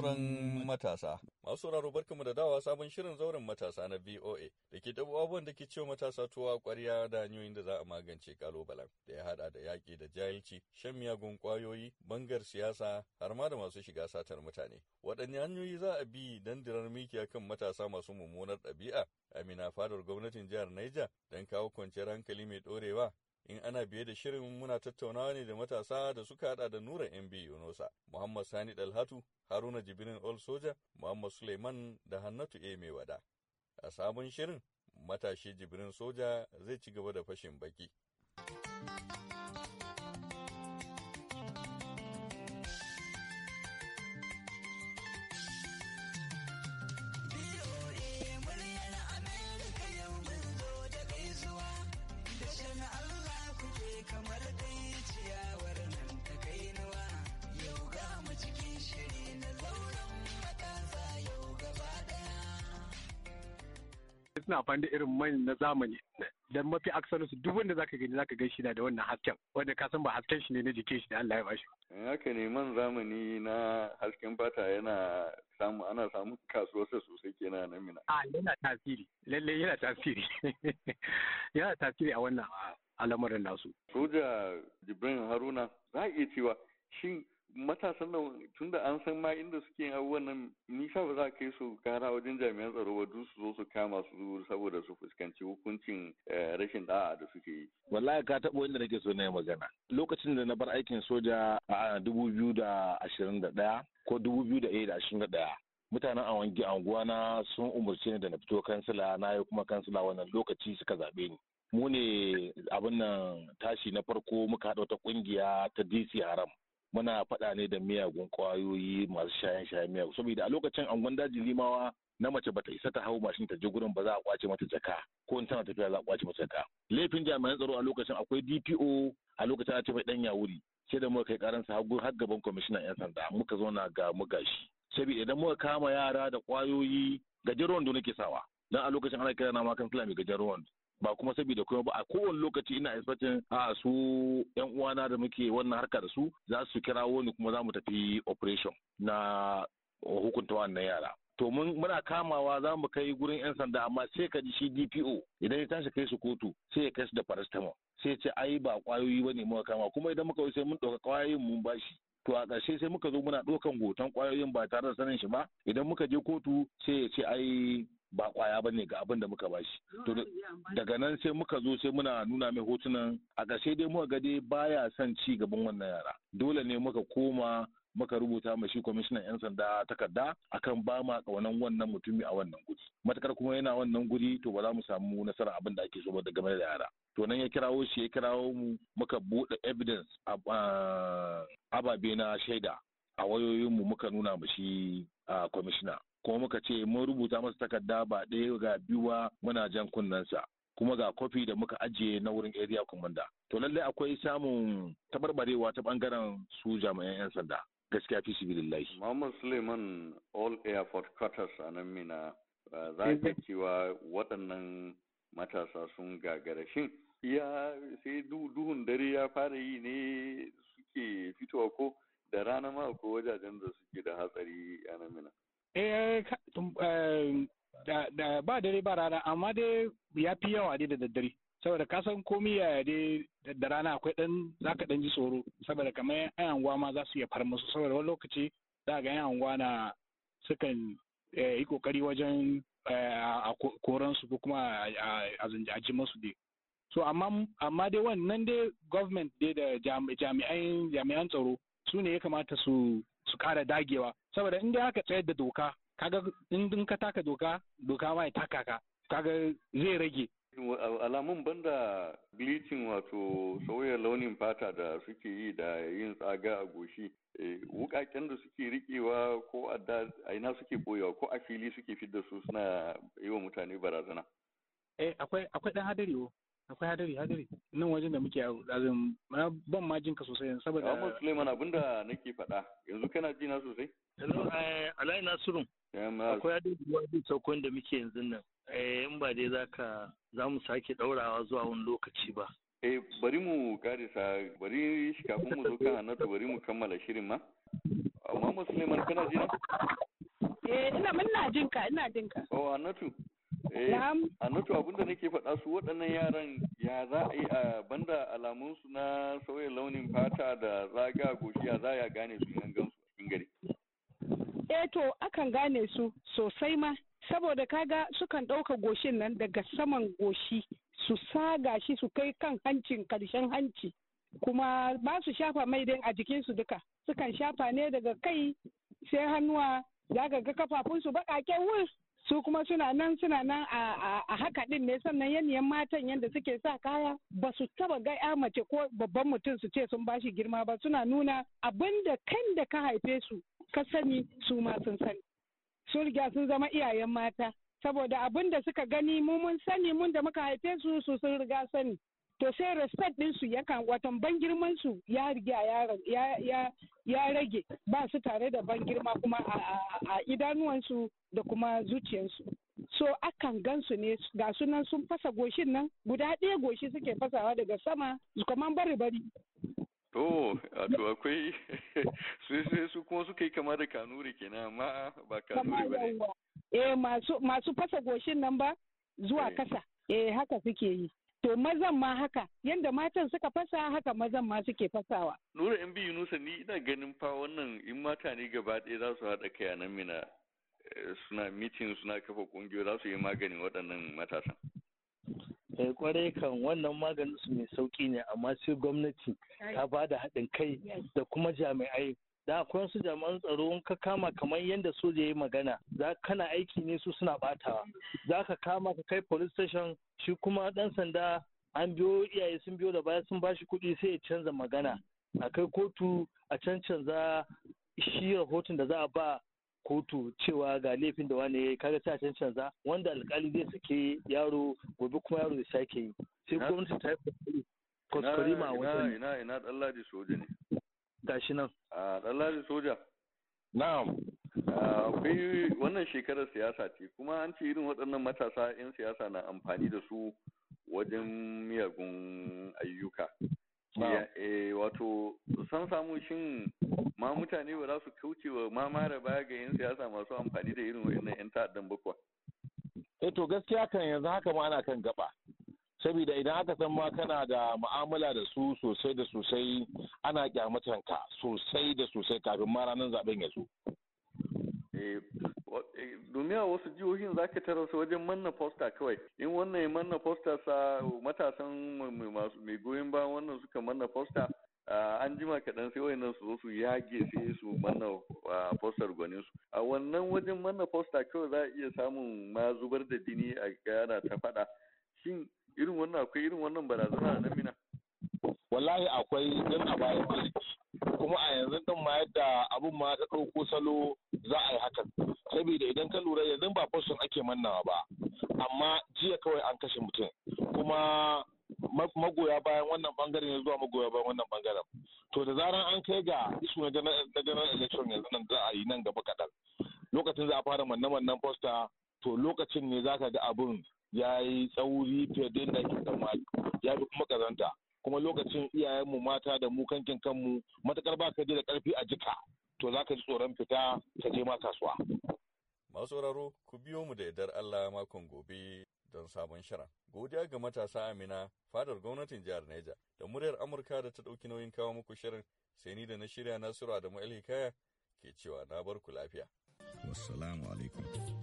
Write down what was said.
zauren mm. matasa. Masu sauraro barkamu da dawa sabon shirin zauren matasa na VOA da ke tabo abubuwan da ke cewa matasa tuwa kwarya da hanyoyin da za a magance kalobalan da ya hada da yaƙi da jahilci, shan miyagun kwayoyi, bangar siyasa har ma da masu shiga satar mutane. Waɗanne hanyoyi za a bi don dirar mikiya kan matasa masu mummunar ɗabi'a? Amina fadar gwamnatin jihar Niger don kawo kwanciyar hankali mai ɗorewa in ana biye da shirin muna tattaunawa ne da matasa da suka hada da Nura MB Yunusa, Muhammad Sani Dalhatu, Haruna jibrin All Soja, Muhammad Suleiman da Hannatu A Mai Wada. A sabon shirin, matashi jibrin Soja zai ci gaba da fashin baki. suna amfani da irin man na zamani dan mafi aksarin su duk wanda zaka gani zaka gan shi da wannan hasken wanda ka san ba hasken shi ne na jikin shi da Allah ya bashi eh, haka ne man zamani na hasken fata yana samu ana samun kasuwarsa sosai kenan nan mina a ah, yana tasiri lalle yana tasiri yana tasiri a wannan al'amarin nasu soja jibrin haruna za a iya cewa shin matasan nan tun da an san ma inda suke yin abubuwan nan nisa ba za a kai su kara wajen jami'an tsaro ba duk su zo su kama su saboda su fuskanci hukuncin eh, rashin da'a da suke yi. Wallahi ka taɓo inda nake so na yi magana. Lokacin da na bar aikin soja a dubu ko dubu Mutanen a wangi anguwana sun umarci ni da na fito kansila na yi kuma kansila wannan lokaci suka zaɓe ni. Mu ne abin nan tashi na farko muka haɗa wata ƙungiya ta DC Haram. muna faɗa ne da miyagun ƙwayoyi masu shayen shayen miyagun saboda a lokacin angon daji limawa na mace bata isa ta hau mashin ta je gurin ba za a kwace mata jaka ko in tana tafiya za a kwace mata jaka laifin jami'an tsaro a lokacin akwai DPO a lokacin a ce mai ɗanya wuri sai da muka kai karansa har gaban kwamishinan yan sanda muka zauna ga mu gashi saboda idan muka kama yara da ƙwayoyi gajeruwan da nake sawa dan a lokacin ana kira na ma kansila gajeruwan. ba kuma saboda kuma ba a kowane lokaci ina expecting a su yan uwana da muke wannan harka da su za su kira wani kuma za mu tafi operation na hukunta wannan yara to mun muna kamawa za mu kai gurin yan sanda amma sai ka ji shi DPO idan ya tashi kai su kotu sai ya kai su da paracetamol sai ce ai ba kwayoyi bane muka kama kuma idan muka sai mun ɗauka kwayoyin mun bashi to a ƙarshe sai muka zo muna ɗaukan hoton kwayoyin ba tare da sanin shi ba idan muka je kotu sai ya ce ai ba kwaya ba ne ga abin da muka bashi to daga nan sai muka zo sai muna nuna mai hotunan a ƙarshe dai muka gade dai baya son ci gaban wannan yara dole ne muka koma muka rubuta mashi kwamishinan 'yan sanda takarda akan ba ma kaunan wannan mutumi a wannan guri matakar kuma yana wannan guri to ba za mu samu nasara abin da ake so ba daga game da yara to nan ya kirawo shi ya kirawo mu muka bude evidence ababe na shaida a wayoyinmu muka nuna mashi kwamishina kuma muka ce mun rubuta masa takarda ba ɗaya ga biyu muna jan kunnensa kuma ga kofi da muka ajiye na wurin area commander to lallai akwai samun tabarbarewa ta bangaren su jami'an 'yan sanda gaskiya fi sibilillahi. Muhammad Suleiman All Airport Quarters a nan mina uh, za ka cewa waɗannan matasa sun gagara shin ya sai duhun dare ya fara yi ne suke fitowa ko da rana ma ko wajajen da suke da hatsari a nan mina. eh, eh ba dare ba rana amma dai ya fi yawa dai da daddare saboda ka san komi yaya dai da rana akwai dan zaka dan ji tsoro saboda kamar yan anguwa ma za su iya far musu saboda wani lokaci za ga yan anguwa na sukan eh, yi kokari wajen eh, a koran su ko kuma a ji musu dai so amma amma dai wannan dai government dai da jami'an tsaro su ne ya kamata su kara dagewa saboda in dai haka tsayar da doka kaga in din ka taka doka doka ma ya taka ka kaga zai rage alamun banda bleaching wato sauya launin fata da suke yi da yin tsaga a goshi eh, wukaken da suke rikewa ko a ina suke boyewa ko a fili suke fidda su suna yi wa mutane barazana eh, akwai akwai dan hadari akwai hadari hadari nan wajen da muke yaro ɗazin ban ma jinka sosai saboda Ahmad Suleiman abinda nake faɗa yanzu kana ji na sosai Alayi eh Alai Nasirun eh, akwai hadari wadi saukon da muke yanzu nan eh in ba dai zaka za mu sake ɗaurawa zuwa wani lokaci ba eh bari mu karisa bari kafin mu zo kan Hannatu bari mu kammala shirin ma Amma Suleiman kana ji na Eh ina muna jinka ina jinka Oh Hannatu a eh, nato abin da nake faɗa su waɗannan yaran ya za a yi a banda alamunsu na sauya launin fata da zaga goshi ya za a gane su yan gansu a cikin gari. Eh to akan gane su sosai ma saboda kaga sukan ɗauka goshin nan daga saman goshi su saga shi su kai kan hancin karshen hanci kuma ba su shafa mai dai a jikinsu duka sukan shafa ne daga kai sai hannuwa zaka ga kafafunsu baƙaƙen wur su kuma suna nan suna nan a haka din ne sannan yanayin matan yadda suke sa kaya ba su taba ga mace ko babban mutum su ce sun bashi girma ba suna nuna abin da kan da ka haife su ka sani su ma sun sani sun riga sun zama iyayen mata saboda abin da suka gani mu mun sani mun da muka haife su su sun riga sani to sai respect din su yakan watan ban girman su ya riga ya ya ya rage ba su tare da ban girma kuma a idanuwansu da kuma zuciyarsu so akan gansu ne ga sunan sun fasa goshin nan guda ɗaya goshi suke fasawa daga sama kaman bari bari To, to akwai sai su kuma suka yi kama da kanuri kenan amma ba kanuri ba ne. Eh masu fasa goshin nan ba zuwa eh. kasa. Eh haka suke yi. To mazan ma haka, yadda matan suka fasa haka mazan ma suke fasawa. Nura in biyu Yunusa ni ina ganin fa wannan in mata ne gaba ɗaya za su haɗa kai a nan mina eh, suna mitin suna kafa ƙungiyoyi za su yi maganin waɗannan matasan. Eh kwarai kan wannan maganin su mai sauki ne amma sai gwamnati ta ba da haɗin kai da kuma jami'ai da akwai su jami'an tsaro in ka kama kamar yadda soja ya magana za kana aiki ne su suna batawa za ka kama ka kai police station shi kuma dan sanda an biyo iyaye sun biyo da baya sun bashi kuɗi sai ya canza magana a kai kotu a can canza shi rahoton da za a ba kotu cewa ga laifin da wani kaga sai a can canza wanda alkali zai sake yaro gobe kuma yaro ya sake yi sai gwamnati ta yi kokari ma wajen ina gashi nan. A ɗanlari soja. Na'am. Akwai wannan shekarar siyasa ce kuma an ce irin waɗannan matasa 'yan siyasa na amfani da su wajen miyagun ayyuka. Eh, wato san samu shin ma mutane ba za su kauce wa ma mara baya ga 'yan siyasa masu amfani da irin waɗannan 'yan ta'addan bakwa. Eh to gaskiya kan yanzu haka ma ana kan gaba. saboda idan aka san ma kana da mu'amala da su sosai da sosai ana kyamatan ka sosai da sosai kafin ma ranar zaben ya zo eh, eh, domin a wasu jihohin za ka tara su wajen manna fosta kawai in wannan ya manna fosta sa matasan mai goyon bayan wannan suka manna fosta an jima kaɗan sai nan su zo su yage sai su manna fostar gwanin su a wannan wajen manna fosta kawai za a iya samun ma zubar da jini a gana ta faɗa shin irin wannan akwai irin wannan barazana a mina wallahi akwai din a bayan kuma a yanzu din ma yadda abun ma ta ɗauko salo za a yi hakan saboda idan ka lura yanzu ba fashion ake mannawa ba amma jiya kawai an kashe mutum kuma magoya bayan wannan bangaren zuwa magoya bayan wannan bangaren to da zaran an kai ga isu na general election yanzu nan za a yi nan gaba kaɗan lokacin za a fara manne-mannen poster to lokacin ne za ka ga abun. ya yi tsauri fiye da yadda ya fi kuma kazanta kuma lokacin iyayenmu mata da mu kankin kanmu matakar ba ka je da karfi a jika to za ka ji tsoron fita ka je ma kasuwa. Masu sauraro ku biyo mu da yardar Allah makon gobe don sabon shara Godiya ga matasa Amina, fadar gwamnatin jihar Neja, da muryar Amurka da ta ɗauki nauyin kawo muku shirin, sai ni da na shirya Nasiru Adamu Alhikaya ke cewa na barku lafiya. Wassalamu alaikum.